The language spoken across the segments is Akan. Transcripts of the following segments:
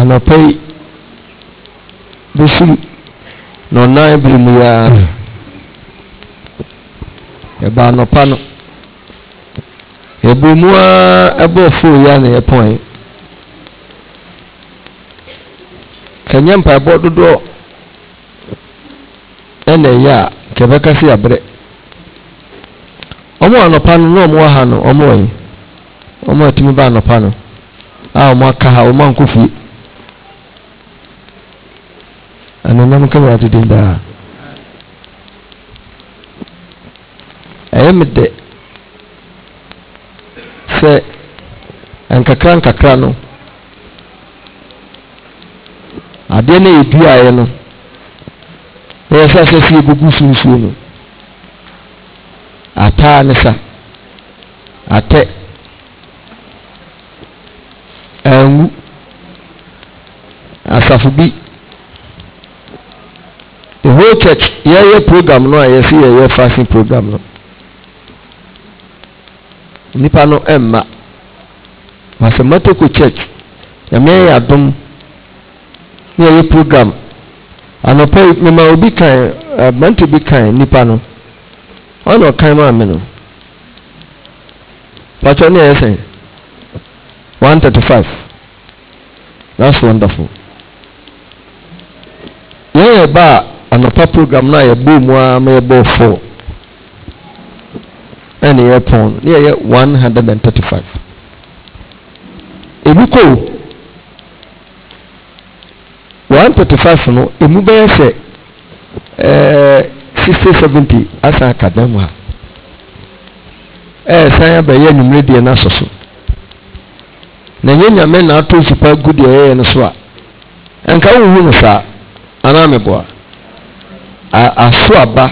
anɔpɛ yi bɛsi nɔnan ebiri mu yaa ɛba anɔpa no ɛbu mu ara ɛbɔɔ foo ya a na yɛpɔn yi ɛnyɛ mpaebɔ dodoɔ ɛna ɛyɛ a kɛbɛka si abrɛ ɔmo anɔpa no na ɔmo eh. wɔ eh, ha no ɔmo wɔ yi ɔmo atumi ba anɔpa no a ah, ɔmo aka ha ɔmo ankɔ fie. ana nam ka baate din daa ɛyɛ me dɛ sɛ nkakra nkakra no adeɛ no yɛduaeɛ no na yɛsɛ asɛ sɛ yɛgugu sunsuo no ataa ne sa atɛ angu asafo bi the whole church yɛyɛ program no a yɛsi fasting program no nipa no ɛmma wasɛ matoko church nyame yɛ adum ne yɛyɛ program anɔpɛ mɛma obi kan abirante bi kan nipa no ɔna ɔkan maame no patro ne yɛ sɛn one thirty five that's wonderful yɛyɛ baa anɔpa program no a yɛbɔɔ mu ara ma yɛbɔɔ four ɛne yɛtɔn ne yɛyɛ one hundred and thirty five ebi kɔ one thirty five no emu bɛyɛ sɛ ɛɛ sixty seventy asan aka dan mu ha ɛɛ san abɛyɛ numre deɛ n'asɔ na nye nyame na ato nsupa gu deɛ ɛyɛ no so a nka wohu no saa anaa meboa. aso aba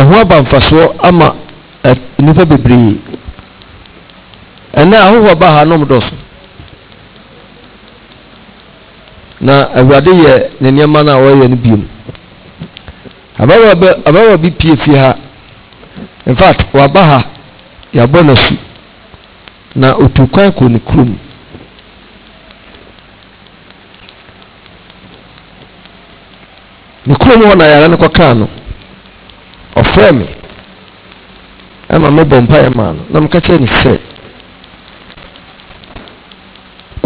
ɛho aba mfasoɔ ama nnipa bebree ɛnna ahoho aba ha nom dɔso na awurade yɛ ne nneɛma no a wɔyɛ no biom abawa bi pie fie ha in fact waba ha yɛabɔ n'asu na otu kwan kɔ ne kurom ne kurom hɔ na yare no kɔkaa no ɔfrɛ me ɛma mebɔ mpaeɛ maa no na meka kyerɛ ne sɛ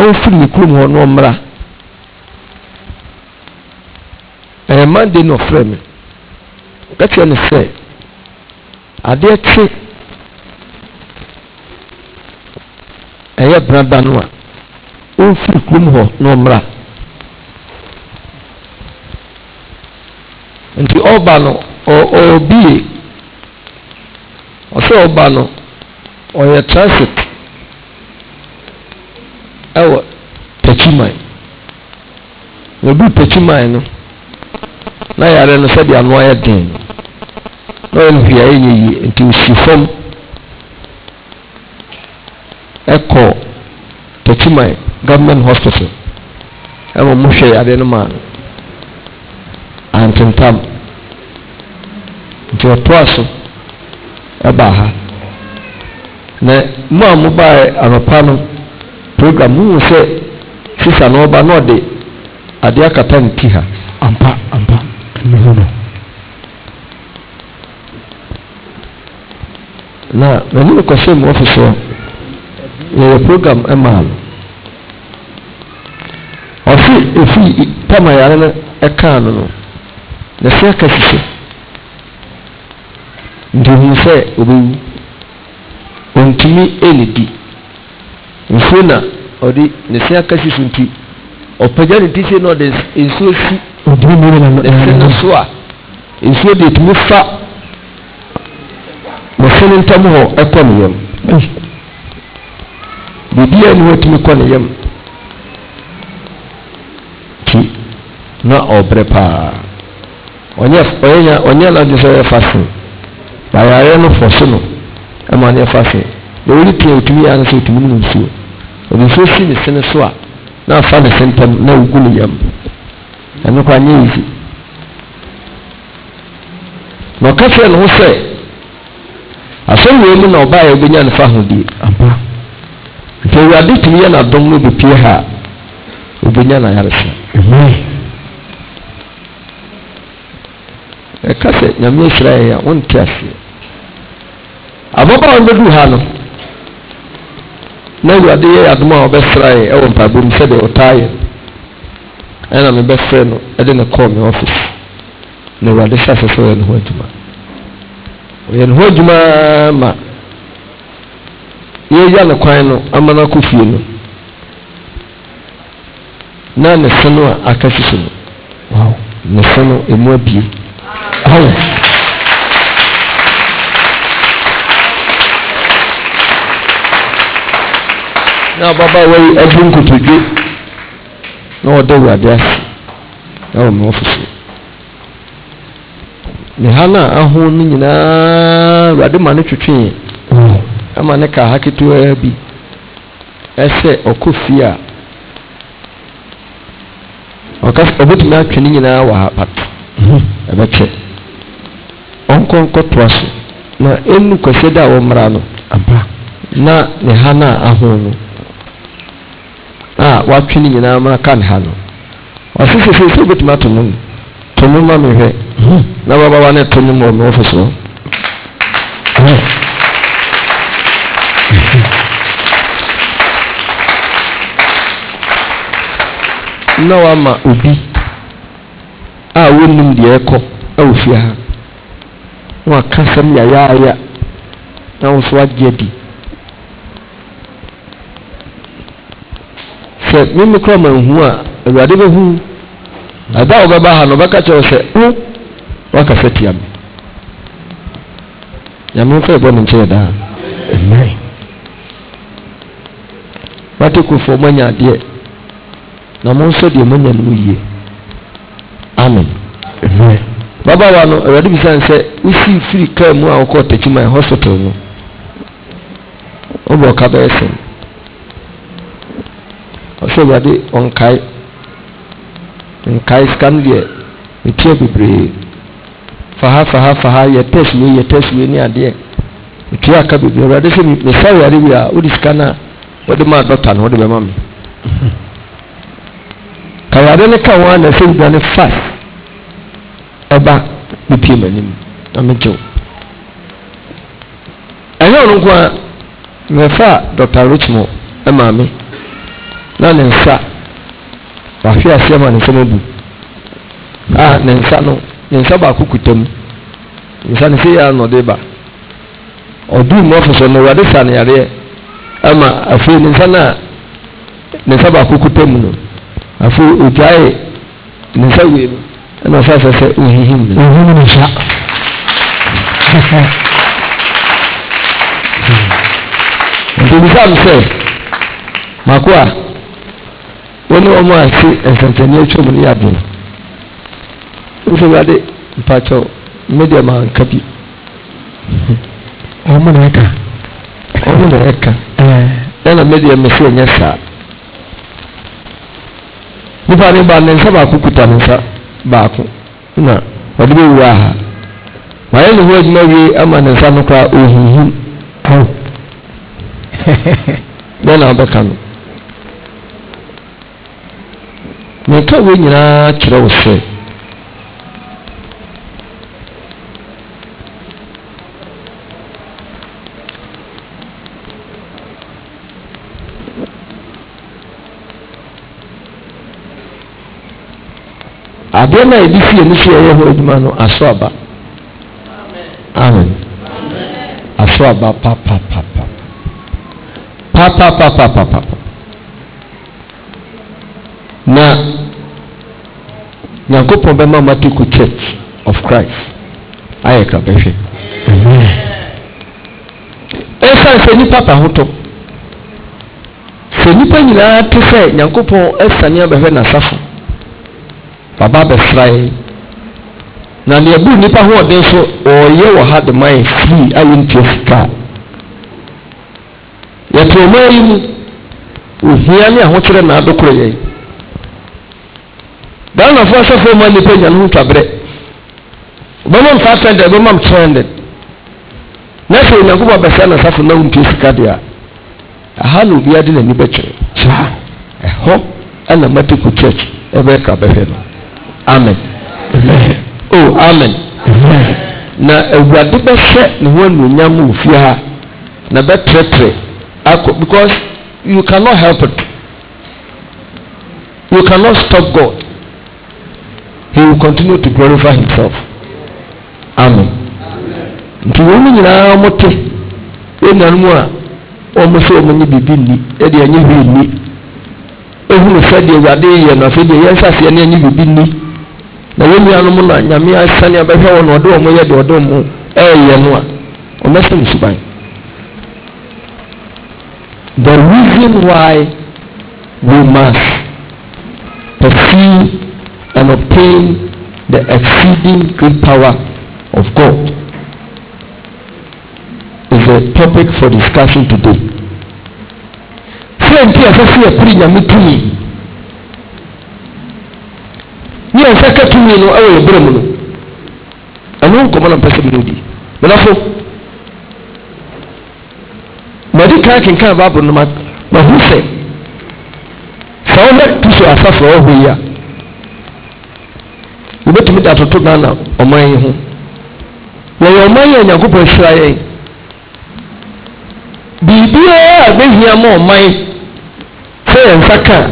ɔmfiri ne kurom hɔ no ɔmmra ɛyɛ monday na ɔfrɛ me meka kyerɛ ne sɛ adeɛ kye ɛyɛ brada no a ɔmfiri kurom hɔ na ɔmmra ọbanụ obi ọsị ọbanụ ọyọ transit ɛwɔ pɛkyiman obi pɛkyiman no na yare no sɛde ano ayɛ den no na ɔyɛ no hwee ayɛ yɛ yie nti osi fam ɛkɔ pɛkyiman government hospital ɛma mo hwɛ yare no ma antentam nti ɔtoa so ɛba ha na mu a mo baa anɔpa no program mu hu sɛ sisa na ɔba na ɔde adeɛ akata ne ti ha ampa ampa mehu no na mani no kɔhyɛ mu ɔfice hɔ yɛyɛ program ɛmaa no ɔse ɛfiri tama yare no ɛkaa no no na sɛ aka sisɛ ntuhu sɛ ɔbɛwu ɔntumi ɛnidi nsuo na ɔde ne se akasi so nti ɔpagya ne ti se na ɔde nsuo si ɛsɛ no so a nsuo de tumi fa mɔfo no ntam hɔ ɛkɔ ne yam biribi a ne watumi kɔ ne yam nti na ɔbrɛ paa ɔnyɛ ɔnyɛ ɔnyɛ na ɔde sɛ ɔyɛ fasen ayareɛ no fɔ so no ɛma ne ɛfa hwɛ na wɔde pia otumi yɛ ano sɛ otumi nom nsuo ɔde nsuo si ne sene so a na afa ne se ntam na ogu ne yam ɛno kɔ anyɛ yisi na ɔka kyerɛ ne ho sɛ asɔrewee mu na ɔbaa yɛ ɔbɛnya ne fa ahodie nti awurade tumi yɛ n'adɔm no bepie ha a ɔbɛnya n'ayaresa ɛka sɛ nyame ahyira yɛ a wonte aseɛ ababaawa bɛdu ha no na awurade yɛ adom a wɔbɛsra yɛ ɛwɔ mpabom sɛdeɛ ɔtaa yɛ ɛna mebɛfrɛ no ɛde ne kɔɔ me office na awurade hyɛ asɛ sɛ ɔyɛ ne ho adwuma ɔyɛ ne ho adwuma ma yɛya ne kwan no ama no akɔ no na ne se no a aka sisi no wow ne se no ɛmu abie Vamos. na ababaawa yi abu nkotodwe na ɔda awurade ase na ɔmo ɔfoso ne ha na aho no nyinaa awurade ma no twetwee ama ne ka ha ketewa bi ɛsɛ ɔkɔ fie a ɔbɛtumi atwe ne nyinaa wɔ ha pat ɔnkɔ nkɔtoa so na ɛnu kɔhyɛ da a wɔmmra no na ne ha no a aho no a watwe no nyinaa mmra ka ne ha no ɔse sɛ wobɛtumi ato no to no ma mehwɛ hmm. na wabawa ne to no ma ɔme wɔfo na wama obi a wɔnnim deɛ ɛkɔ awɔ fie ha na wakasɛm yayaya na wo nso agye di sɛ mímu kura ma nhu a awurade bɛ hu ada a ɔbɛba ha no ɔbɛka kyerɛ sɛ wo wakasa tia mi nyame nfa ɛbɔ ne nkyɛn daa amen wate kofoɔ mo anya adeɛ na mo nso deɛ mo anya no yie amen amen babaawa no awurade bisane sɛ wosi firi kaa mu a wokɔɔ takyima hospital no wobɔ ɔka bɛyɛ sɛm ɔsɛ awurade ɔnkae nkae sika no deɛ metua bebree faha faha faha yɛ test wei yɛ test wei ne adeɛ metua aka bebree awurade sɛ mesa awurade wie a wode sika no a wode maa dɔkta no wode bɛma me kawurade ne ka ho a na sɛ wudane fast ɛba mepie m'anim na megyew ɛnyɛ ɔno nko a mefa dr richmond maame na ne nsa wahwe aseɛ ma ne nsɛm abu a ne nsa no ne nsa baako kuta mu nsa ne sɛ yɛa na ɔde ba ɔduru mu ɔfo no awurade sa ne yareɛ ama afei ne nsa no a ne nsa baako kuta mu no afei ogyae ne nsa wie mu ɛna ɔfa sɛ sɛ ohihim no ohihim no hwa ntɛbisam sɛ mako a wɔne wɔn a se nsɛnsɛnni atwa mu no yɛ adeɛ no nso wade mpakyɛw mmediɛ ma nka bi wɔn na ɛka wɔn na ɛka ɛna mmediɛ mmesi ɛnyɛ saa nipa ne ba ne nsa baako kuta ne nsa baako na ɔde bɛ wura ha mayɛ ne ho adwuma wie ama ne nsa no koraa ɔhuhu aw bɛn na ɔbɛka no meka wei nyinaa kyerɛ wo sɛ adeɛ no a yɛde fie no so yɛyɛ hɔ adwuma no aso aba amen aso aba papapapa na nyankopɔn bɛma matoko church of christ ayɛ krabɛhwɛ ɛsiane sɛ nipa pa ho tɔ sɛ nipa nyinaa te sɛ nyankopɔn asane abɛhwɛ n'asafo baba abɛsra yi na nea bu nipa ho ɔden so ɔɔyɛ wɔ ha de man fii ayɛ ntua sika yɛte ɔmo yi mu ohia ne ahokyerɛ na adokoro yɛ ghanafoɔ asɔfoɔ mu a nipa nya no ho twabrɛ ɔbɛma m five ɔbɛma m na sɛ onyankopɔn abɛsra na asafo na wontua sika deɛ a aha na obiara de n'ani bɛkyerɛ saa ɛhɔ ɛna madi ko church ɛbɛyɛ ka bɛhwɛ no amen o oh, amen na awurade bɛhyɛ ne ho anuonyam wɔ fie ha na bɛtrɛtrɛ akɔ because you cannot help it you cannot stop God he will continue to glorify himself amen nti wɔn nyinaa wɔte ɛnanom a wɔn sɛ wɔn nye biribi nni ɛde ɛnyɛ hwee nni ehunu sɛ deɛ awurade yɛ no afei deɛ yɛn nsaseɛ no ɛnyɛ biribi nni na wɔn nuanom na nyame ahyɛne abɛhwɛ wɔn ɔde wɔn yɛ deɛ ɔde wɔn ɛɛyɛ no a ɔmɛhyɛ no suban the reason why we must pursue and obtain the exceeding great power of God is a topic for discussion today. Fúlẹ̀ ntí ẹ̀fẹ́ fúlẹ̀ kúrì nyàmé túmí. Ni yɛn nsa ka tumi no ɛwɔ yɛn mu no ɛno nkɔmɔ na mpɛ sɛ mino di menafo madi kan kenkan baabo no ma mahu sɛ sɛ wohwɛ kristo asafo a ɔhɔ yi a wobɛtumi de atoto ghana ɔman yi ho wɔyɛ ɔman yi a nyankopɔn ahyira yɛn biribiara a bɛhia ma ɔman sɛ yɛn nsa ka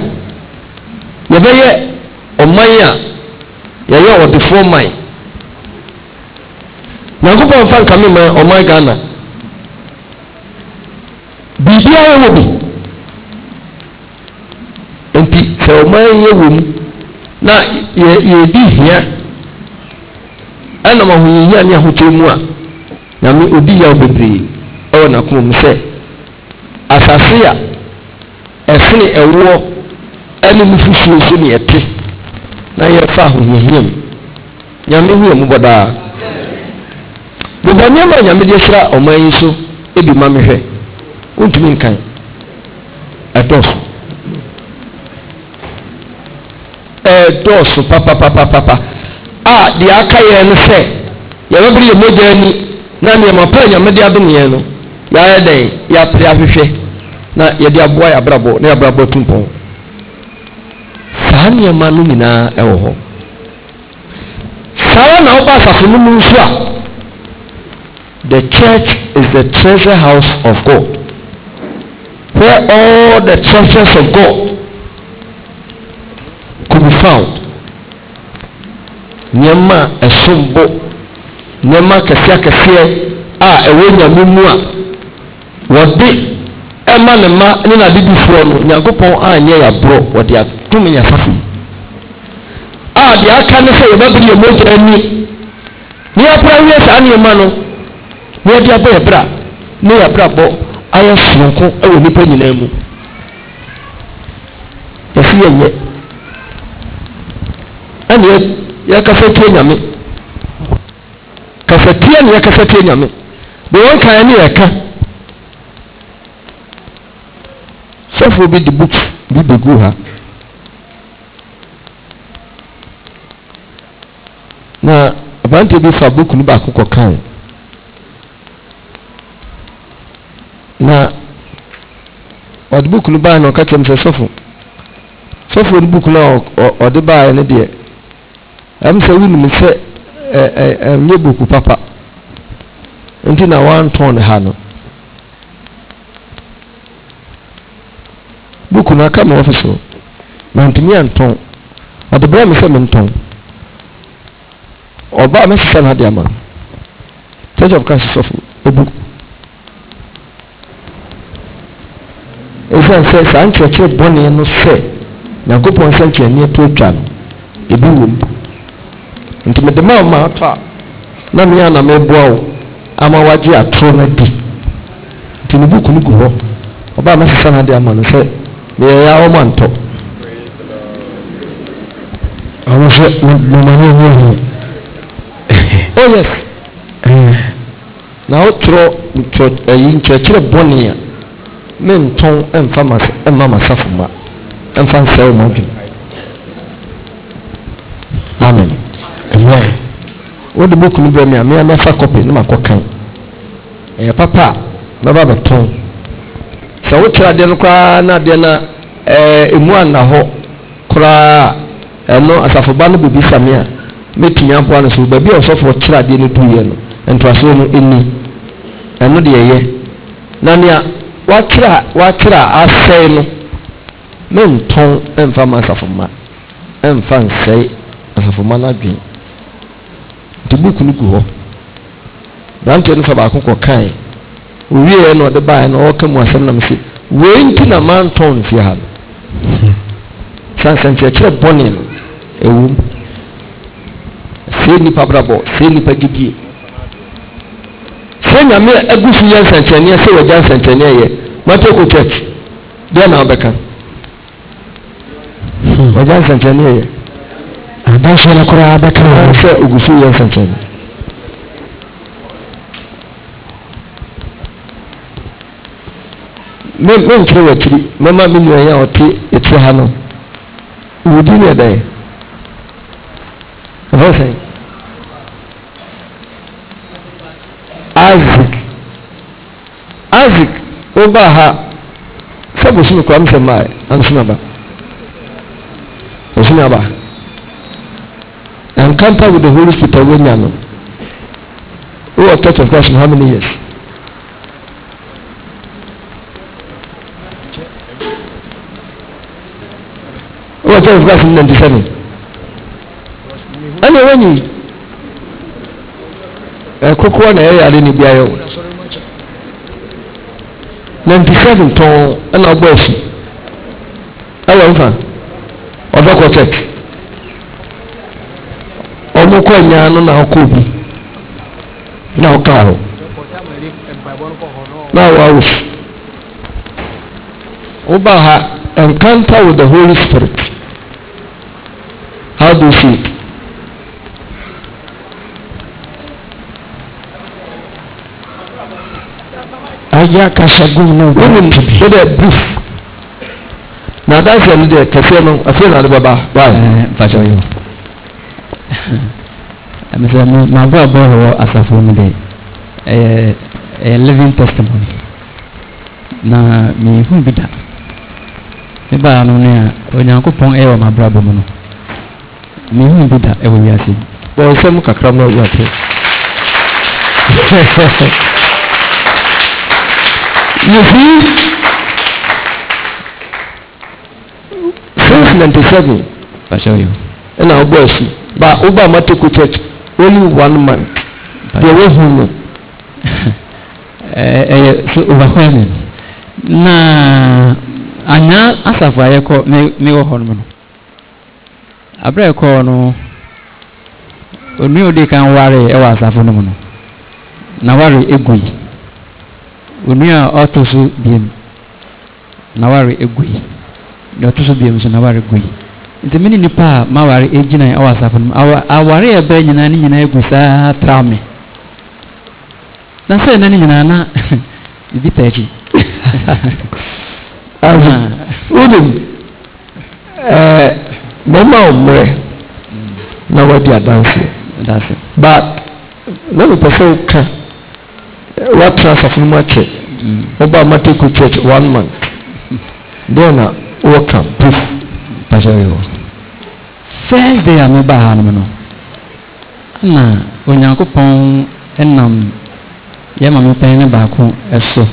yɛbɛyɛ ɔman a yɛyɛ a wɔde four mile nyankopɔn fa nkame ma ɔman ghana biribiara wɔ bi nti hwɛ ɔman yɛ wɔ mu na yɛ yɛdi hia ɛnam ahoyihia ne ahokyere mu a nyame odi yaw bebree ɛwɔ n'akoma mu sɛ asase a ɛsene ɛwoɔ ɛne nufusuo so ne yɛte na yɛfa ahohiahiam nyame hu mu bɔ daa bobɔ nneɛma a nyame de ahyira ɔman yi so ebi ma me hwɛ wontumi nkan ɛdɔɔso ɛdɔɔso papapapapa a deɛ aka yɛn no sɛ yɛbɛbere yɛ mogya ani na nneɛma pa a nyame de adom yɛn no yɛayɛ dɛn yɛapere ahwehwɛ na yɛde aboa yɛ abrabɔ na yɛ abrabɔ tumpɔn saa nneɛma no nyinaa ɛwɔ hɔ saa na wɔba asase no mu nso a the church is the treasure house of God where all the treasures of God could be found nneɛma ɛsom bo nneɛma kɛseɛkɛseɛ a ɛwɔ nyame mu a wɔde ɛma ne ma ne n'adedifoɔ no nyankopɔn anyɛ yaborɔ wɔde ato tumi yɛ fa a deɛ aka ne sɛ yɛbɛbere yɛ mogya ani ne yɛpra wiɛ saa nneɛma no ne yɛde abɔ yɛ bra ne yɛbrabɔ ayɛ soronko wɔ nnipa nyinaa mu yɛsi yɛyɛ ɛne yɛkasa tie nyame kasa tie ne yɛkasa tie nyame deɛ wɔnkaeɛ ne yɛka sɛfoɔ bi de book bi bɛgu ha na aberanteɛ bi fa buku no baako kɔkae na ɔde buku no baa na ɔka kyerɛ m sɛ sɔfo sɔfo no buku no a ɔde baeɛ no deɛ ɛm sɛ wonim sɛ ɛnyɛ buku papa nti na wantɔn ne ha no buku no aka ma ɔfi so na ntumi antɔn ɔde brɛ me sɛ mentɔn ɔbaa mi sisa n'adi ama church of christ sɔfo ebu esan sɛ saa nkyerɛkyerɛ bɔnne no sɛ nyankopɔn sɛ nkyerɛnneɛ to atwa no ebi wɔ mu nti mede maa maa tɔ a na mmea na meboa wo ama wagye atoro no adi nti ne buku no gu hɔ ɔbaa mi sisa n'adi ama no sɛ meyɛ yɛ awɔ ma ntɔ ɔmo sɛ mo ma ne nyɛ hɔ oh yes na wotwerɛ eh, ayi nkyerɛkyerɛ bɔne a mentɔn mfa masafo ma mfa nsɛe ma dwene amen wode book no brɛ me a mea mɛfa copy ne makɔkan ɛyɛ eh, papa a mɛba bɛtɔn sɛ wokyerɛ adeɛ no koraa na adeɛ no ɛmu eh, anna hɔ koraa ɛno asafoba no bɛbisa me a Meti aboa no so baabi a ɔsɔfoɔ kyerɛ adeɛ no duiɛ no ntoasoɔ no ɛni ɛno deɛ yɛ na nea wakyerɛ wakyerɛ a asɛe no mentɔn ɛmfa ma asafoma ɛmfa nsɛe asafoma no adwene nti buku no gu hɔ branteɛ no fa baako kɔkae owieɛ na ɔde baeɛ na ɔka mu asɛm nam sɛ wei nti na mantɔn mfie ha no sansɛnkyerɛkyerɛ bɔne no ɛwom see nipa brabɔ see nipa gyidie sɛ nyame agu so yɛ nsɛnkyerɛnneɛ sɛ wɔgya nsɛnkyerɛnneɛ yɛ matoko church deɛ na wobɛka hmm. wɔgya nsɛnkyerɛnneɛ yɛ adanseɛ no koraa bɛka sɛ ogu so yɛ nsɛnkyerɛnneɛ menkyerɛ w'akyiri mɛma me nuayi a ɔte ɛkyiri ha no wodi ne ɛdɛn ọ̀fẹ́sẹ̀ isaac isaac ó bá ha sẹ́bù sínú kọ́ àmì sẹ́mbà ẹ̀ àmì sínú àbá òsínú àbá encounter with the holy spirit ọ̀wé ní àná ó wọ church of christ for how many years. ó wọ church of christ for ninety seven nyi ɛkokoɔ na ɛyɛ ade ne bi ayɛ wo ninety seven tɔn ɛna ɔbɔ ɛfi ɛwɔ nfa ɔbɛ kɔ check ɔmo kɔ nyaa no na ɔkɔ obi na ɔka ho na ɔwɔ awo fi ɔba ha encounter with the holy spirit how do you feel. agye akasagun no wonim no dɛ brief na adansi no deɛ kɛseɛ no afei na ade bɛba bae mesɛ maboabɔ wɔ asafo mu de ɛyɛ ɛyɛ living testimony na mehu bi da mebaa no no a onyankopɔn ɛyɛ wɔ mabrabɔ mu no mehu bi da ɛwɔ wiase yi bɔ nsɛm kakra ma wiate You see, since 97, I tell you. And our boys, but Uba Matuku Church, only one month. But they were home. overwhelming. Na anya asafo a yɛkɔ mewɔ hɔ nom no aberɛ ɛkɔɔ no onua odi kan ware ɛwɔ asafo no mu no na ware egui onua a ɔtɔ so biem naware egui na ɔtɔ so biem so naware gui nti mene nipa a maware egyina awɔ asafo no mu aware a ɛbɛn nyinaa ne nyinaa egu saa tra me na sɛ ɛna ne nyinaa na bibi pɛ akyi. wodum mmarima a wɔmmerɛ na wɔadi adanseɛ but na mepɛ sɛ woka what transfer fún mọ́kẹ́ ọba amateku church one month then wọ́kà poof pàṣẹ yìí first day a meba ha no na onyankopɔn nam yɛ ma mepɛn ne baako so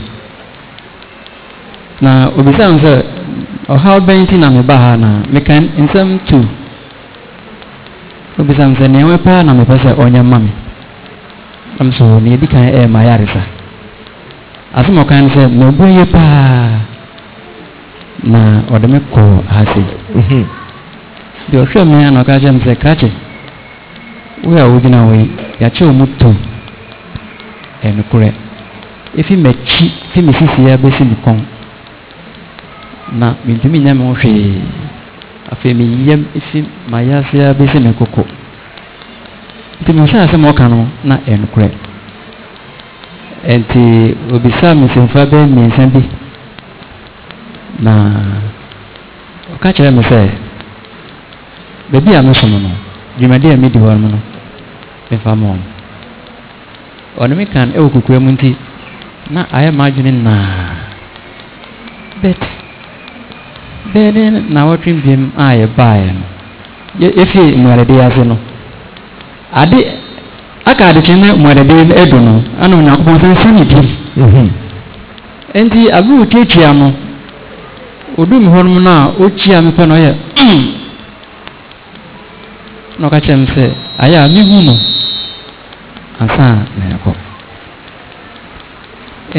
na obisa m sɛ ɔhaw bɛn ti na meba ha na meka nsɛm tu obisa m sɛ nneɛma paa na mepɛ sɛ ɔnyɛ ma nam so nea ɛdi kan ɛyɛ maa yaresa asɛm ɔkan no sɛ na ɔbɔ yie paa na ɔde me kɔɔ ase deɛ ɔhwɛ me a na ɔka kyerɛ me sɛ krakye woyɛ a wogyina hɔ yi yɛakyɛ wo mu to ɛnokorɛ ɛfi m'akyi fi me sisiɛ bɛsi me kɔn na mentumi nyɛ me ho hwee afei meyam ɛfi mayɛ aseɛ bɛsi me koko nti menhwɛ asɛm ɔka no na ɛnokorɛ ɛnti obisa me simfa bɛɛ mmiɛnsa bi na ɔka kyerɛ me sɛ baabi a mesom no dwumadi a medi hɔ no no mefa ma ɔm ɔne me kan ɛwɔ e kukura mu nti na ayɛ m'adwene naa bet bɛɛ ne nawɔtwe biem a yɛbaeɛ no yɛfie mmuarede ase no ade aka adekye ne mmuadade edo no ana onyankopɔn sɛ nsa ne bi nti abe otuatua no odum hɔnom no a okyia me pɛ no ɔyɛ na ɔka kyerɛ me sɛ ayɛ a mehu no ansa na ɛkɔ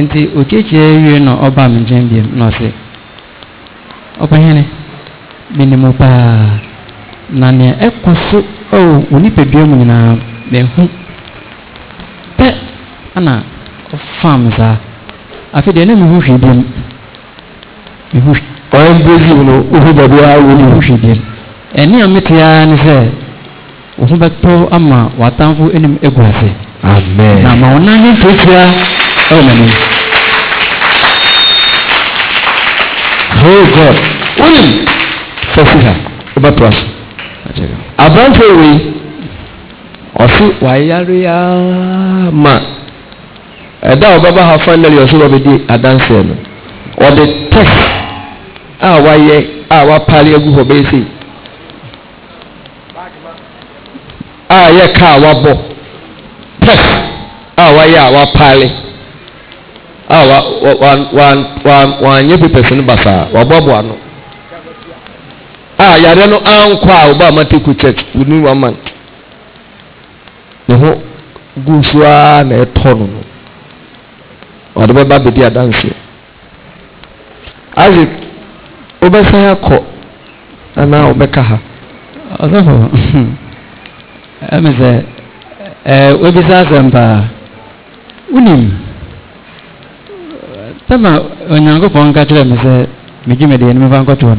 nti okyekyia wie no ɔbaa me nkyɛn biam na ɔse ɔpɛhene menim paa na ɛkɔ so oh wo nipadua mu nyinaa mehu pɛ ana ɔfam saa afei deɛ na mehu hwee biam mehu ɔyɛ brazil no wohu baabi a wo ne hu hwee biam ɛne a mete ara ne sɛ wo ho bɛtɔ ama w'atamfo anim agu ase amen na ma wo nan ne ntiatia ɛwɔ m'anim oh god wonim fa si ha wobɛto ase aberanteɛ wei ɔsi wayarea ma ɛda a ɔbɛba ha finally ɔsi wɔbɛdi adanseɛ no ɔde test a wayɛ a wapale agu hɔ bɛyɛ a yɛ kaa wabɔ test a wayɛ a wapale a wa wa wa wa wanyɛ pepɛs basaa waboaboa no. a ah, yare no ankɔ a ɔba amatiku church within one ne ho gu so ara na ɛtɔ no no ɔde bɛba abɛdi adanseɛ isaac wobɛsan akɔ anaa wobɛka ha ɔsɔfo hmm. ɛmi sɛ ɛɛ wobisa asɛm paa wonim m onyankopɔn ka kyerɛ sɛ deɛ nkɔtoɔ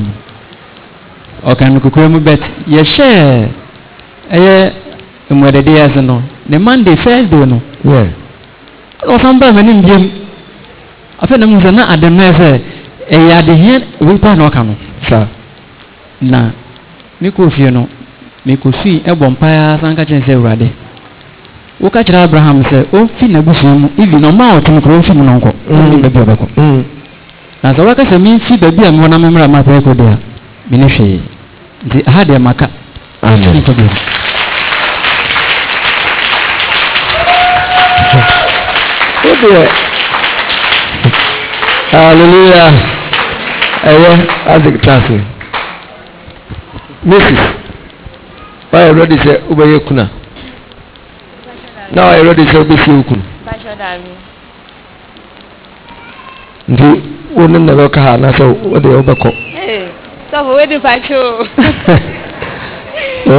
ɔkan kukura mu bet yɛhyɛ ɛyɛ mmuadadi ase no ne monday first day no ɔsan baa afei na mu sɛ na ade mɛ sɛ ɛyɛ adehia wipa na ɔka no saa na mekɔ fie no mekɔ fii ɛbɔ mpaeɛ san ka sɛ abraham sɛ ɔmfi n'abusua na ɔmfi mu no nkɔ mm. ɔmfi baabi mm. na sɛ baabi a mewɔ na memmra nti aha deɛ maka nkɔ biribi wodeɛ hallelujah ɛyɛ isaac tase mrs wayɛ ready sɛ wobɛyɛ kuna na wayɛ ready sɛ wobɛsie wo kunu nti wo ne na bɛka ha anaasɛ wode wobɛkɔ stop wedding patrol.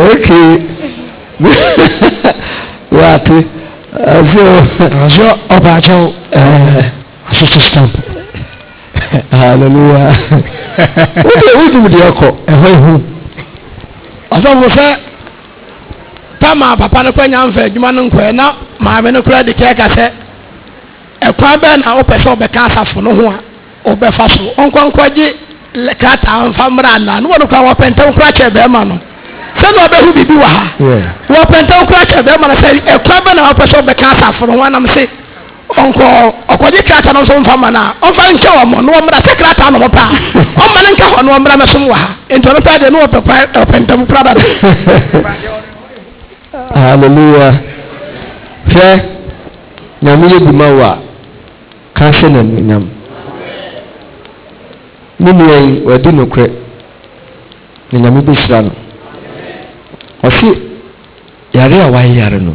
okay. Wati. Azio. Azio obajo. Asisi stamp. Hallelujah. Wode wudi mu de ọkọ ẹhọ ihu. Ọsọfo sẹ pama papa no kọ nya nfẹ adwuma no nkọ ẹ na maame no kura de kẹ kasẹ ẹkwan bẹẹ na ọpẹ sẹ ọbẹka asafo no ho a ọbẹfa so ọnkọnkọ gye krata nfa mmra na ne wɔn kora wɔpɛntɛn kora kyɛ bɛrima no sani ɔbɛhu biribi wɔ ha wɔpɛntɛn kora kyɛ bɛrima no sɛ ɛkura bɛ na wɔpɛ sɛ ɔbɛka asafo no wɔn anam se ɔnkɔ ɔkɔgye krata no nso nfa ma na ɔnfa nkyɛ wɔn no wɔn mmra sɛ krata no pa ɔmma ne nka hɔ no wɔmmra mɛsom wɔ ha nti ɔno pɛɛ deɛ ne wɔpɛ ɔpɛntɛn kora ba no. hallelujah hwɛ nyame yɛ dwuma wɔ a ka hyɛ n'anuonyam ne nua yi wadi nokorɛ na nyame bɛhyira no ɔse yare a wayare no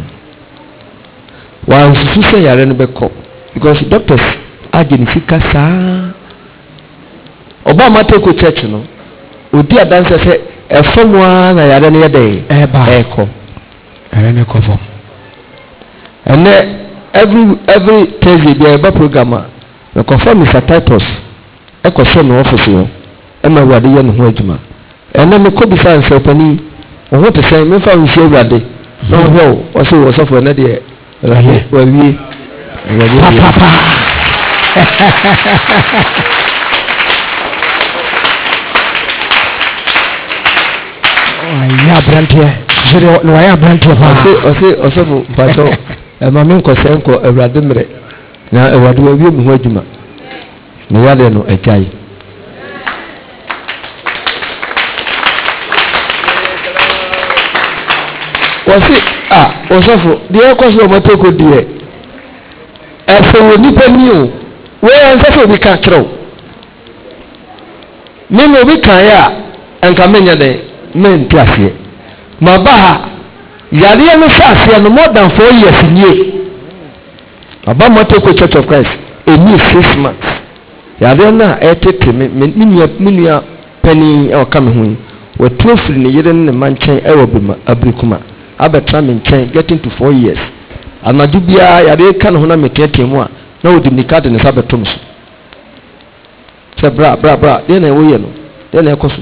wansusu sɛ yare no bɛkɔ because doctors agye ne sika saa ɔba amateko church no odi adanse sɛ ɛfam a na yare no yɛdɛ ɛɛkɔ ɛnɛ every every thursday biara ba program a mekɔfa mr titus ɛkɔhyɛ ne ɔfisi hɔ ɛma awurade yɛ ne ho adwuma ɛnna mi kɔ bisa nsɛ panin ɔho te sɛn mefa nhyia awurade na ɔhwɛ o ɔsɛ wɔ sɔfo ɛnɛ deɛ wawie papapa ɔyɛ aberanteɛ sɛdeɛ na wɔyɛ aberanteɛ paa ɔsɛ ɔsɛ ɔsɔfo mpatsɔ ɛma mi nkɔsɛn kɔ awurade mmerɛ na awurade wawie mi ho adwuma níwálẹ̀nu ẹ̀ka yìí. wɔsi a ɔsɔfo deɛ ɛkɔ so ɔmo atoko deɛ ɛfɛ wɔ nipa ni o wɔyɛ nsɛfɛ obi ka kyerɛw mímu obi kan yɛ a nka menyɛ dɛ mente aseɛ ma ba ha yareɛ no hyɛ aseɛ no more than four years nie aba mo atoko church of christ ɛni six months yadeɛ no a ɛretete me me nua me nua panin a ɔka me ho yi wɔtu afiri ne yere ne ne nkyɛn ɛwɔ bema abirikuma abɛtena me nkyɛn getting to four years anadwo biara yadeɛ ka ne ho na meteatea mu a na wɔde mmirika de ne nsa bɛto me so sɛ bra bra bra deɛ na ɛwɔyɛ no deɛ na ɛkɔ so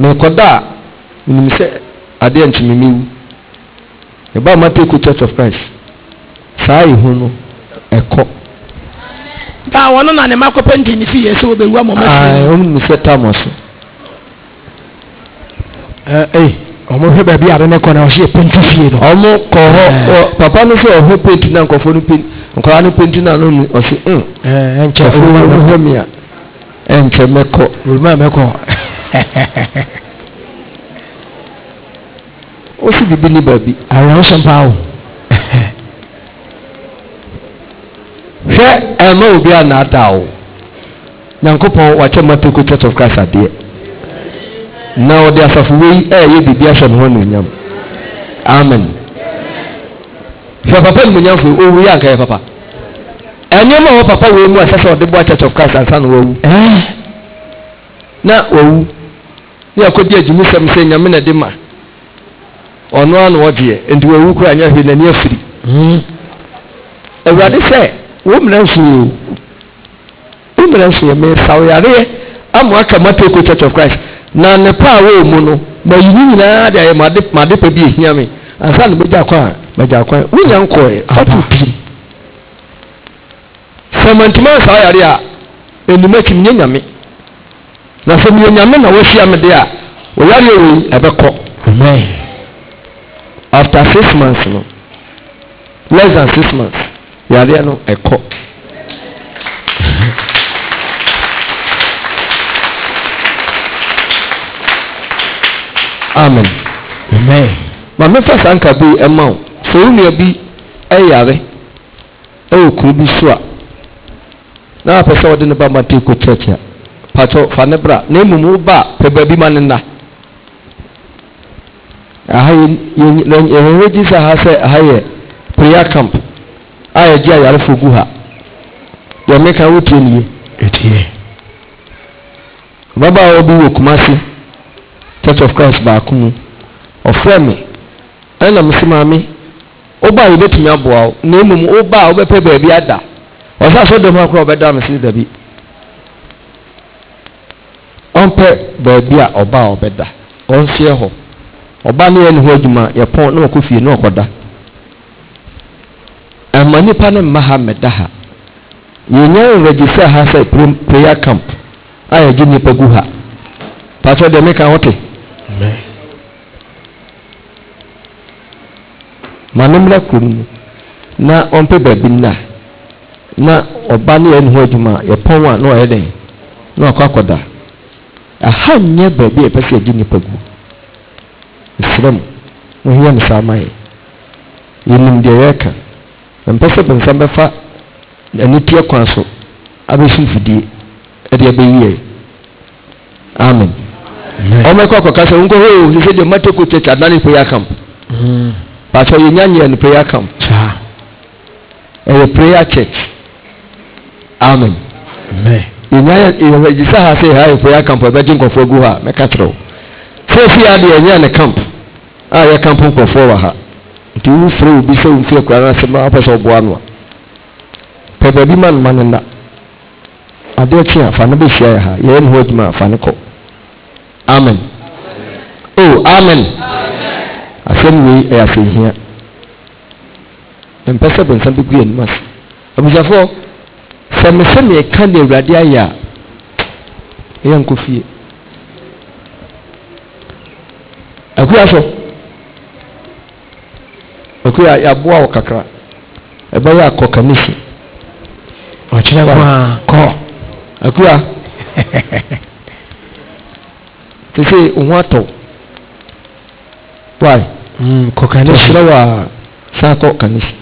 merekɔda a menim sɛ adeɛ nkyeme mewu ɛbaa mateku church of christ saa ihu no ɛkɔ. nta na ne ma kɔ pɛnti ne fi yɛ sɛ sɛ tam so. ɛɛ ɔmo hwɛ baabi ade ne kɔ na ɔhyɛ pɛnti fie no. ɔmo kɔ hɔ papa no sɛ pɛnti na nkɔfo no pɛnti nkɔla no pɛnti na ɔsi ɛn. ɛɛ fo wɔn no mi mm. a ɛnkyɛn mɛkɔ. olùmọ̀ mɛkɔ. ó sì bíbí ní baabi. àrùn ọ̀sán pa hwɛ ɛma obi a naadaa wo nyankopɔn wakyɛ matoko church of christ adeɛ na ɔde asafo wei ɛyɛ e, biribi ahyɛ ne ho anuonyam amen hwɛ papa nimonyamfo owuyi anka yɛ papa ɛnneɛma wɔ papa wɔ mu a ɛsɛ sɛ ɔde boa church of christ ansa eh? na wawu na wawu ne akɔdi agyimisɛm sɛ nyame na de ma ɔno ano wɔgyeɛ nti wawu kora anyɛ hwee n'ani afiri awurade hmm. sɛ wo mmerɛ hwee wo mmerɛ hwee mmefa wo yareɛ church of christ na nepa a wɔwɔ mu no mayi ne nyinaa de ayɛ ansa na mɛgya kɔ a mɛgya kɔ a wonya nkɔɛ ɔto pii sɛ mantima saa yare na sɛ meyɛ na wɔahyia me deɛ a ɔyareɛ wei ɛbɛkɔ after six months no less than six months yadeɛ no ɛkɔ amen maame fa saa nka bi ɛma wo sɛ wo nua bi ɛyare ɛwɔ kuro bi so a na apɛ sɛ wɔde ne ba ma teeko church a patɔ fa ne bra na mmom wo ba a pɛ baabi ma ne nna aha yɛhwehwɛ gyi sɛ aha sɛ aha yɛ prayer camp a yɛgye ayarefoɔ gu ha deɛ meka wotie nie ɛtie ɔbabaawa bi wɔ kumase church of christ baako mu ɔfrɛ me ɛna mese maame wobaa yɛbɛtumi aboa wo na mmom wobaa wobɛpɛ baabi ada ɔsɛ sɛ dɛm akora ɔbɛda me se dabi ɔmpɛ baabi a ɔbaa ɔbɛda ɔnseɛ hɔ ɔbaa no yɛ ne ho adwuma yɛpɔn na ɔkɔ fie na ɔkɔda ama nipa no mma ha mmɛda ha yɛnya register ha sɛ prayer camp a yɛgye nipa gu ha patro deɛ meka wote ma no mmra kurom no na ɔmpɛ baabi nna na ɔba no yɛ ne ho adwuma yɛpɔn a na ɔyɛ dɛn na ɔkɔ akɔda aha nyɛ baabi a yɛpɛ sɛ yɛgye nipa gu mesrɛ mo mohiyɛ me saa ma yɛ yɛnim deɛ yɛreka mpɛ sɛ bɛnsa bɛfa ani tia kwan so abɛsi mfidie ɛde abɛyie amen ɔmɛ kɔ akɔka sɛ nkɔ hoo sɛ sɛ deɛ matoko church adane prayer camp hmm. baakyɛ yɛnyanyɛ no prayer camp ɛyɛ prayer church amen yɛnyayɛgyisa ha sɛ ha yɛ prayer camp ɛbɛgye nkɔfoɔ gu hɔ a mɛka kyerɛ wo sɛ si adeɛ ɛnyɛ ne camp a yɛ camp nkɔfoɔ wɔ ha nti wofrɛ obi sɛ womfi akura no asɛm na wapɛ sɛ ɔboa no a pɛ baabi ma noma no nna adeɛ kye a fa no bɛhyia yɛ ha yɛyɛ ne ho adwuma a fa no kɔ amen o amen asɛm wei ɛyɛ asɛnhia mpɛ sɛ bɛnsa bi gu anim ase abusuafoɔ sɛ me sɛ meɛka deɛ awurade ayɛ a ɛyɛ nkɔ fie akua ɛkò yɛ yaboa wɔ kakra ɛbɛyɛ akɔ kamisi ɔkyerɛ kɔ kɔ ɛkò yɛ sese ohun atɔ wai kɔ kamisi ɔkyerɛ wɔ saa kɔ kamisi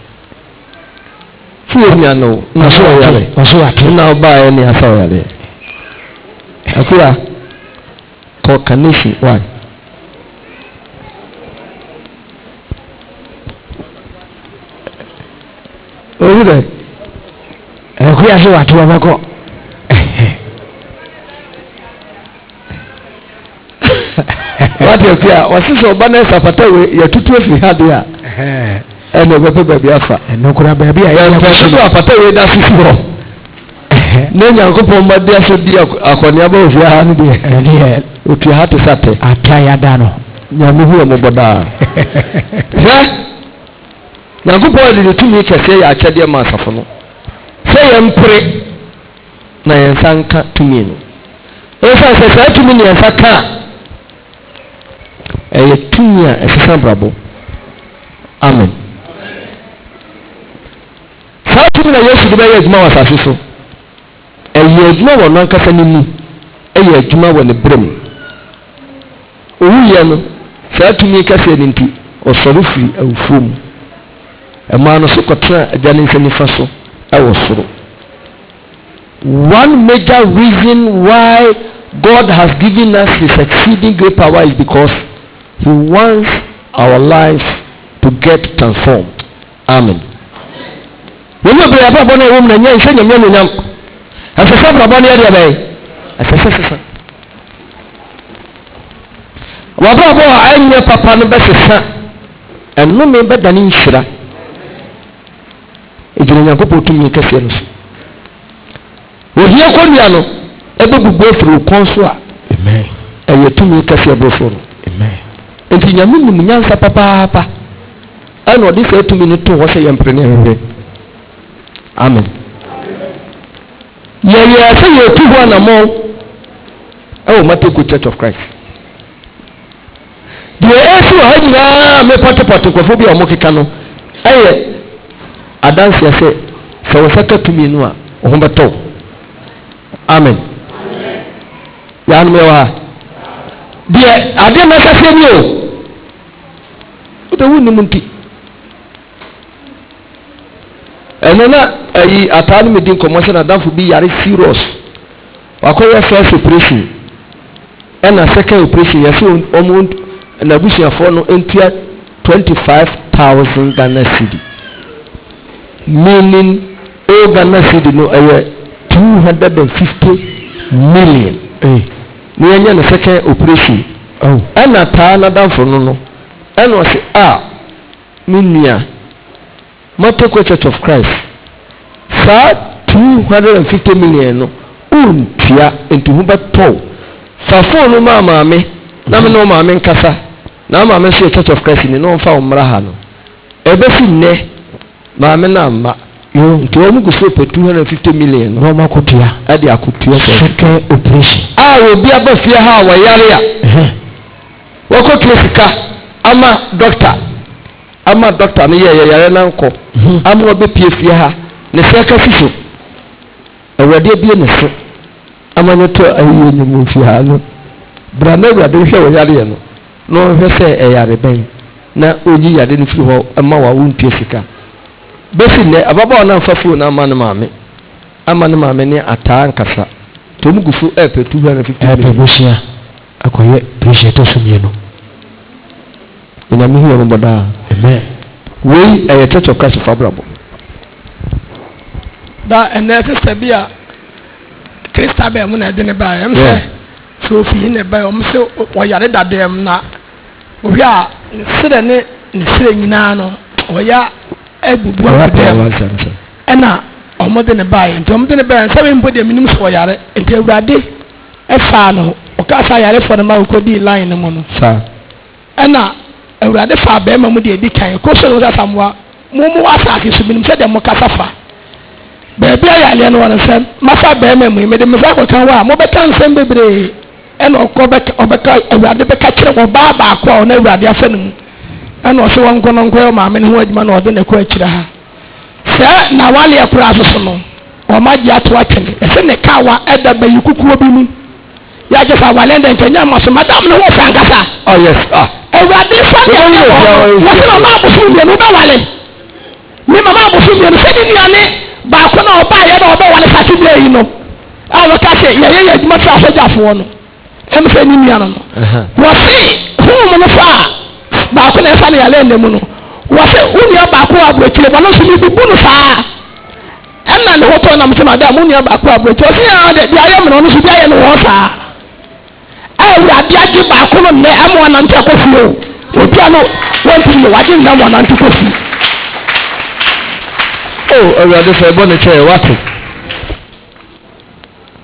tí yẹ nìyà nù n'asọ ọyàlẹ nínú ọba ẹ ní asọ ọyàlẹ ẹkọ yà kọ kanisi wáyé. orí rẹ̀ ẹ̀kú yà sí wà tó ọmọ kọ́ wọ́n ti ẹ̀kú yà wọ́n sísọ ọba náà ṣàpàtàwé di a ẹnu ọbẹ̀ pẹ̀ bẹ̀ẹ̀bi afa ẹnukura bẹ̀ẹ̀bi a yẹ ne nyankopɔn ma de aso di akɔneaba ofia ha no deɛ ofia ha te sɛ atɛ no nyame hu ɔmobɔ daa nyankopɔn de ne tumi kɛseɛ yɛ akyɛdeɛ ma asafo no sɛ mpere na yɛnsa nka tumi no ɛsiane sɛ saa tumi ne yɛnsa ka a ɛyɛ tumi a ɛsesa brabɔ amen saa tumi na yesu de bɛyɛ adwuma wɔ asase so ɛyɛ adwuma wɔ no ankasa no mu ɛyɛ adwuma wɔ ne berɛ mu owuyɛ no saa tumi kɛseɛ no nti ɔsɔre firi awufuo mu mmaa no nso kɔtena agya ne nsa nifa so ɛwɔ soro one major reason why God has given us his exceeding great power is because he wants our lives to get transformed amen wọ́n yóò bẹ̀rẹ̀ abúlé náà wọ́n mu náà nyẹ́ nhyẹ́ nyẹ́mú ẹ̀mú nyam ẹ̀fẹ̀fẹ̀ abúlé náà ẹ̀bẹ̀ ẹ̀fẹ̀fẹ̀ sisa wọ́n abúlé abúlé a papa no bẹ́ sisa ẹ̀numi bẹ́ dání nhyira gyina nyankopɔn tumi kɛseɛ no so ohia kɔnnua no ɛbɛ bubu afiri wo kɔn so a ɛyɛ tumi kɛseɛ borɔfoɔ no nti nyame nim nyansa papaapa ɛna ɔde saa tumi no to hɔ sɛ yɛmpere ne hwehwɛ amen yɛyɛ sɛ yɛtu hɔ anammɔn ɛwɔ mateko church of christ deɛ ɛsi wɔ ha nyinaa mepɔtepɔte nkurɔfoɔ bi a ɔmo keka no ɛyɛ adanseɛ sɛ sɛ wo sɛ ka tumi no a wo ho bɛtɔ amen yɛanom yɛwɔ ha deɛ adeɛ na ɛsɛ sɛ bi o wobɛwu nim nti ɛno na ayi ataa no medi nkɔmmɔ sɛ nadamfo bi yare serious wakɔyɛ first operation ɛna second operation yɛsɛ ɔmo n'abusuafoɔ no ntua twenty five thousand ghana cedi meaning eh, Ghana two hundred and fifty million eh. na yɛnyɛ no second operation ɛna oh. taa n'adamfo no no ɛna ɔsi ah, a ne nua church of christ saa two hundred and fifty million no nti ho fa fone maa maame na me maame nkasa na maame nso yɛ church of christ ni na ɔmfa wɔn mmara ha no ɛbɛsi nnɛ. maame na mma nti wɔn gu so pɛ two hundred and fifty million ya. wɔn akotua. ɛde akotua sɛ. second operation. a obi aba fie ha a wɔyare a. wɔkɔtua sika ama doctor ama doctor no yɛ yɛyare nankɔ. ama ɔbɛpie fie ha ne sɛ kasi awurade abie ne so ama ne ne mu fie ha no bra na awurade hwɛ wɔyare no na ɔhwɛ sɛ ɛyare na yare no firi hɔ wɔn awo sika. bɛsi nnɛ ababaawa no amfa fon no ama no maame ama no maame ne ataa nkasa nti ɔmu gu so ɛpɛ 250ɛpɛ bohyia akɔyɛ pressure ɛtɔ so mmienu nyame hu ɔmo bɔ daa amen wei ɛyɛ church of christ fa abrabɔ da ɛnɛ sista bi a krista bɛn mu na ɛde ne baa ɛm sɛ sɛ ofin ne bɛn ɔmo sɛ ɔyare dadeɛ mu na ohwɛ a ne serɛ ne ne serɛ nyinaa no ɔyɛ ebubu akutɛ ɛna ɔmo de ne baayɛ nti ɔmo de ne baayɛ nsɛm mpo deɛ minim sɔ yare nti awurade ɛfaa no ɔkaasa yare fɔ ne ma okɔ di line ne mu no ɛna awurade faa bɛrima mu deɛ edi kan kó so ne nsa samoa mo mo wɔ asaase so minim sɛ deɛ mo kasa fa beebi a yàlẹ́ no wọn sɛ mafa bɛrima mu yi mɛde mɛfa kɔkan hɔ a mo bɛka nsɛm bebree ɛna ɔkɔ ɔbɛka awurade bɛka kyerɛ ɔbaa baako a ɔna awurade afɛ ne mu. ɛna ɔsɛ wɔn nkɔnɔ maame ho adwuma na ɔde akyire ha sɛ na wale ɛkora soso no wɔn agye ato atwene ɛsɛ ne kaa wa ɛda bɛyi kukuo bi mu sa wale madam ne ho fɛ ankasa. sani ɛwɔ hɔ wɔsi na ɔmo abosom mmienu bɛ wale ne mama abosom mmienu sɛ ne baako na na ɔbɛ wale no a wɔka yɛyɛ yɛ adwuma no ɛmu sɛ ne no wɔsi no fa baako na ɛfa ne yàrá ɛnam no wɔsɛ wunua baako aburokyire wɔn nso mibubu no saa ɛna ne ho tɔ nam sɛm adaa mu nua baako aburokyire ɔsi yɛn de na ɔno nso deɛ ayɛ no wɔn saa a awurade agye baako no nnɛ ɛmo anante o obi ano wɔn ti yɛ wagye nnam anante o oh, sɛ ɛbɔ ne kyɛ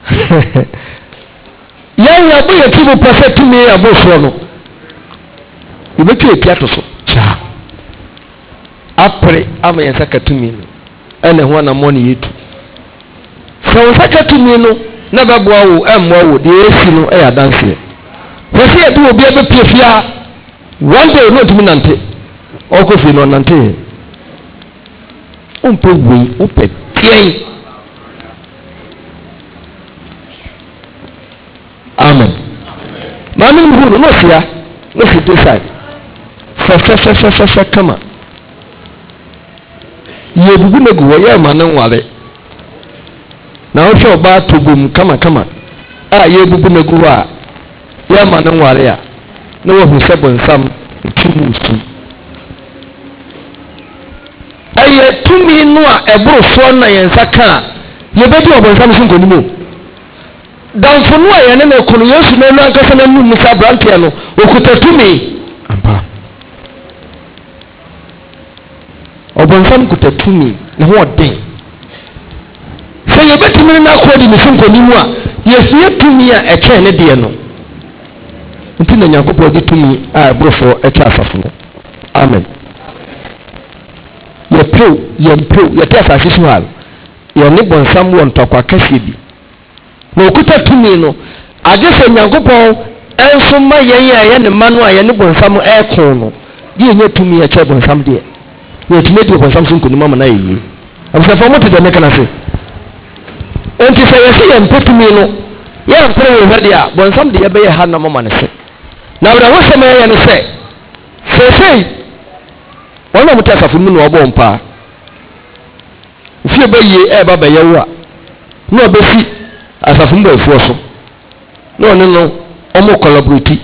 yɛn yɛ ti mu pɛ sɛ tumi yɛ yɛbɛtwa apia to so kyaa apere ama yɛn nsa ka tumi no ɛna ɛho anammɔ ne yɛtu sɛ wo nsa ka tumi no na bɛboa wo ɛmmoa wo deɛ ɛsi no ɛyɛ adanseɛ hwɛ sɛ yɛde wɔ bia bɛpie fie a one day ne ɔtumi nante ɔkɔ fie no ɔnanteɛ wompɛ wei wopɛ tiɛn amen maame no mu hu no na ɔsia na de side fɛfɛfɛfɛfɛ kama yɛbubu no gu hɔ yɛ ma nware na wohwɛ ɔbaa togom kamakama a yɛbubu no gu hɔ a yɛma ne nware a na wahu sɛ bonsam tum su ɛyɛ tumi no a ɛboro soɔ na yɛn nsa ka a yɛbɛdi ɔbonsam so nkɔnim o damfo no a yɛne no kɔ no yesu no ankasa no anum sɛ aberanteɛ no ɔkuta tumi ɔbɔnsam kuta tumi ne ho ɔden sɛ yɛbɛtumi no n'akoa di ne so nkɔnimu a yɛsua tumi a ɛkyɛn ne deɛ no nti na nyankopɔn de tumi a ɛborofoɔ ɛtwa asafo no amen yɛpew yɛmpew yɛte asase so ha yɛne bɔnsam wɔ ntɔkwa kɛseɛ bi na okuta tumi no agye sɛ nyankopɔn ɛnso ma yɛn a yɛne ma no a yɛne bɔnsam ɛɛko no deɛ ɛnyɛ tumi ɛkyɛ bɔnsam deɛ yɛtumi adi ɔbɔnsam so nkonim ama no ayɛ yie abusafo mo te sɛ meka no ase enti sɛ yɛsɛ yɛmpɛ tumi no yɛmpere wɔ hɔ deɛ a bɔnsam de yɛbɛyɛ ha nam ama ne se na awerɛhosɛm ɛyɛ ne sɛ seesei wɔn a mote asafo no mu na wɔbɔ mpaa fie bɛyie ɛɛba bɛyɛ wo a na ɔbɛsi asafo mu baafuɔ so na ɔne no ɔmo kɔlɔbroti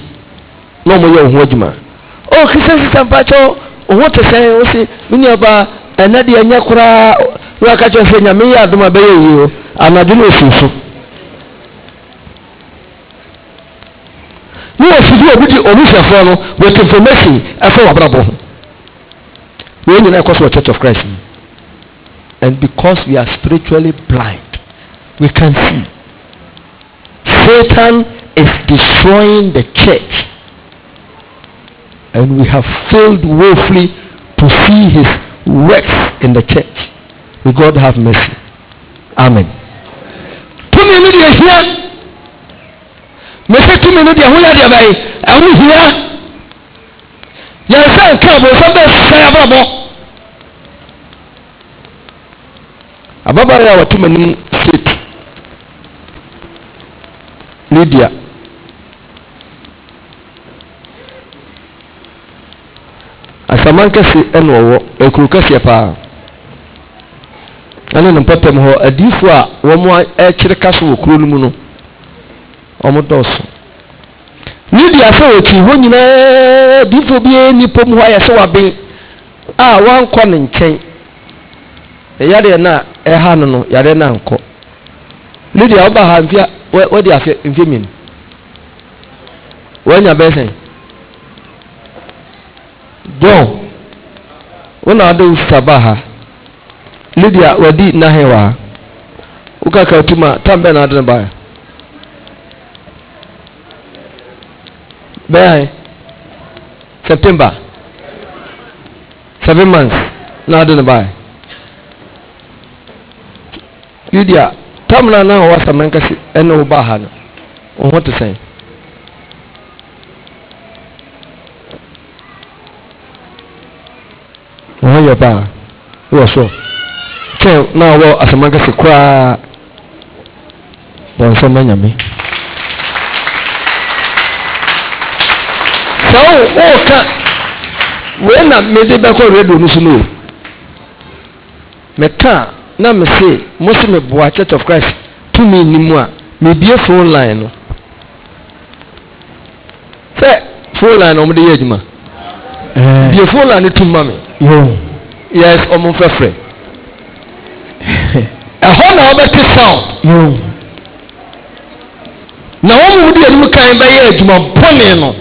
na ɔmo yɛ ɔho adwuma o oh, kristian sisan mpakyɛw ɔho te sɛn wo se me nuaba ɛnɛ deɛ nyɛ koraa na waka kyerɛ sɛ nyame yɛ adom a bɛyɛ yie o anadwo ne ɔfiri so ne wɔfiri obi di ɔmuhwɛfoɔ no with information ɛfa wabrabɔ ho wei nyinaa ɛkɔ so wɔ church of christ and because we are spiritually blind we can see satan is destroying the church and we have failed woefully to see his works in the church. May God have mercy. Amen. Tumi ni deɛ hia. Mese tumi ni deɛ ho yɛ deɛ bɛyɛ. Ɛho hia. Yɛn nsa nka abɔnsa bɛ sɛ abɔbɔ. Ababaawa a wɔte mu anim state. Lydia. aman kɛse ɛna ɔwɔ ekuro kɛseɛ paa ɛna ne mpɛpɛm hɔ adiifo a wɔn ɛkyerɛ kaso wɔ kuro no mu no wɔn dɔɔso lidia sɛ wɔkyi hɔ nyinaa adiifo biara nipa mu hɔ ayɛ sɛ waben a wankɔ ne nkyɛn yadeɛ na ɛha no no yadeɛ na nkɔ lidia ɔba ha mfia wɔde afɛ mfia mmienu wɔanya bɛsɛn john. wọn ade saba ha lidia wadi nahe wa ha wuka ka tuma tam bɛ na ade ne ba september seven months na ade ne ba lidia tam na na wa saman kasi ɛna wo ba ha no wo ho te yɛ baa wɔ so kyɛn na ɔwɔ asɛm akɛse koraa wɔn nsɛm na nyame sɛ wo wɔɔka wei na mede bɛkɔ radio no so no o meka na mese mo se meboa church of christ tumi ni mu a mebie phone line no sɛ phone line na ɔmode yɛ adwuma bie phone line no tum ma me yes ọmọ fẹfẹ ẹhọ na ọbẹ ti sound na wọn mu di ẹnum kan bẹyẹ adwuma bọni no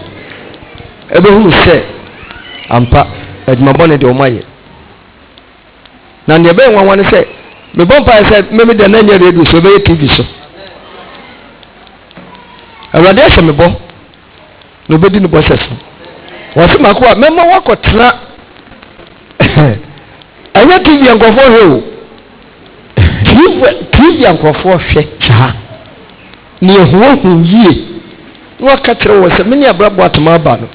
ẹbẹ hunu sẹ ampa adwuma bọni de ọmọ ayẹ na nea ẹbẹ nwanwa ni sẹ mebọ mpa sẹ mmemme deɛ n'enye redio so ɛbɛyɛ tv so awurade ahyɛ mebɔ na obedi ne bɔ hyɛ so wɔsi mako a mɛma wakɔ tena. ɛnyɛ tv nkurɔfoɔ hwɛ o tv nkurɔfoɔ hwɛ kyaa ne ɛhoahu yie na waka kyerɛ wɔ sɛ mene abrabɔ atoma aba no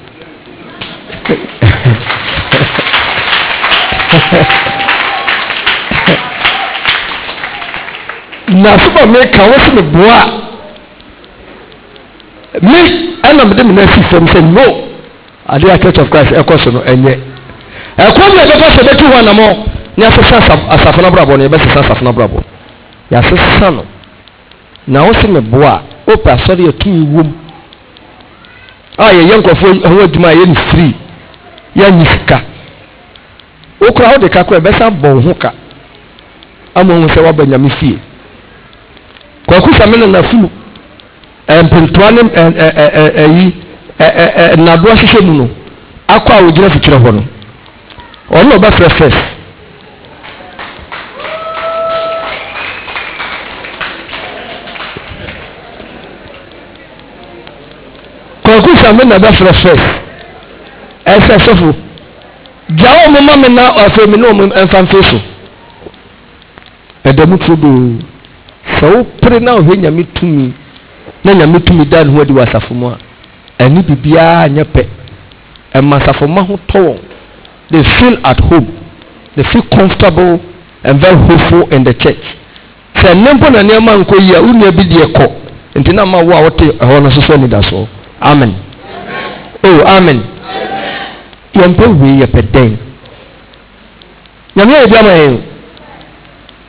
na so meka wo se meboa a me ɛna mede mena asi fam sɛ no adeɛ church of christ ɛkɔ so no ɛnyɛ ɛkɔ ne ɛbɛfa sɛ bɛtu hɔ anamɔ ne asesa asafuna brabɔ no yɛbɛsesa asafuna brabɔ yɛasesa no na wosɛ me boa a wopɛ asɔre yɛtumi wom a yɛyɛ nkurɔfoɔ ho adwuma a yɛne firi yɛanyi sika wokora wode ka kora ɛbɛsa bɔ wo ho ka ama hu sɛ woaba nyame fie kwaku same no nafunu mpentoa ne ayi nnadoa hyehyɛ mu no akɔ a wogyina fikyerɛ hɔ no ɔno na ɔbɛfrɛ first sɛ me na ɛbɛfrɛ first ɛsɛ sɔfo gya wɔn mo ma na afei mi na wɔn mfa mfe so ɛdɛm kodoo sɛ wopere na ɔhwɛ nyame tumi na nyame tumi da ne ho adi wɔ asafo mu a ɛne biribiara nyɛ pɛ ɛma asafo ma ho tɔ wɔn they feel at home they feel comfortable and very hopeful in the church sɛ ne mpo na nneɛma nkɔ yi a wo nua bi deɛ kɔ nti na ma wo a wote ɛhɔ no soso anidasoɔ amen Oh, amen yɛmpɛ wei yɛpɛ dɛn nyame yɛ bi ama yɛn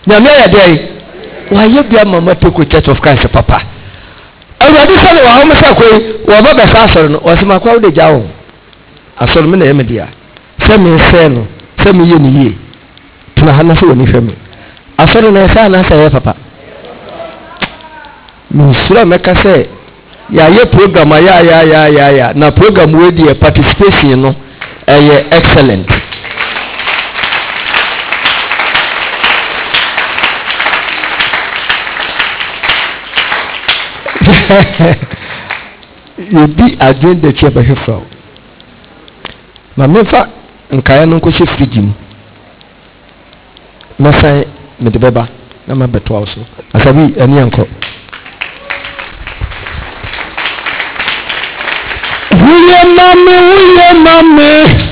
nyame yɛ dɛn wayɛ bi ama matoko church of christ papa awurade sɛ ne wahom sɛ koi wɔba bɛsa asɔre no ɔsɛ makora wode gya wo asɔre me na ɛyɛ me dea sɛ mensɛe no sɛ meyɛ ne yie tena ha na sɛ wɔni hwɛ me asɔre no ɛsɛ anaasɛ ɛyɛ papa mensuro a mɛka sɛ yɛayɛ program a yɛayɛayɛayɛayɛ na program wei deɛ participation no ɛyɛ excellent yɛbi agenda kyi bɛhwɛ fa o ma nkae no nkɔhyɛ firigyi mu mɛsan mede bɛba na mabɛtoa wo so asabi ani ankɔ we are mame.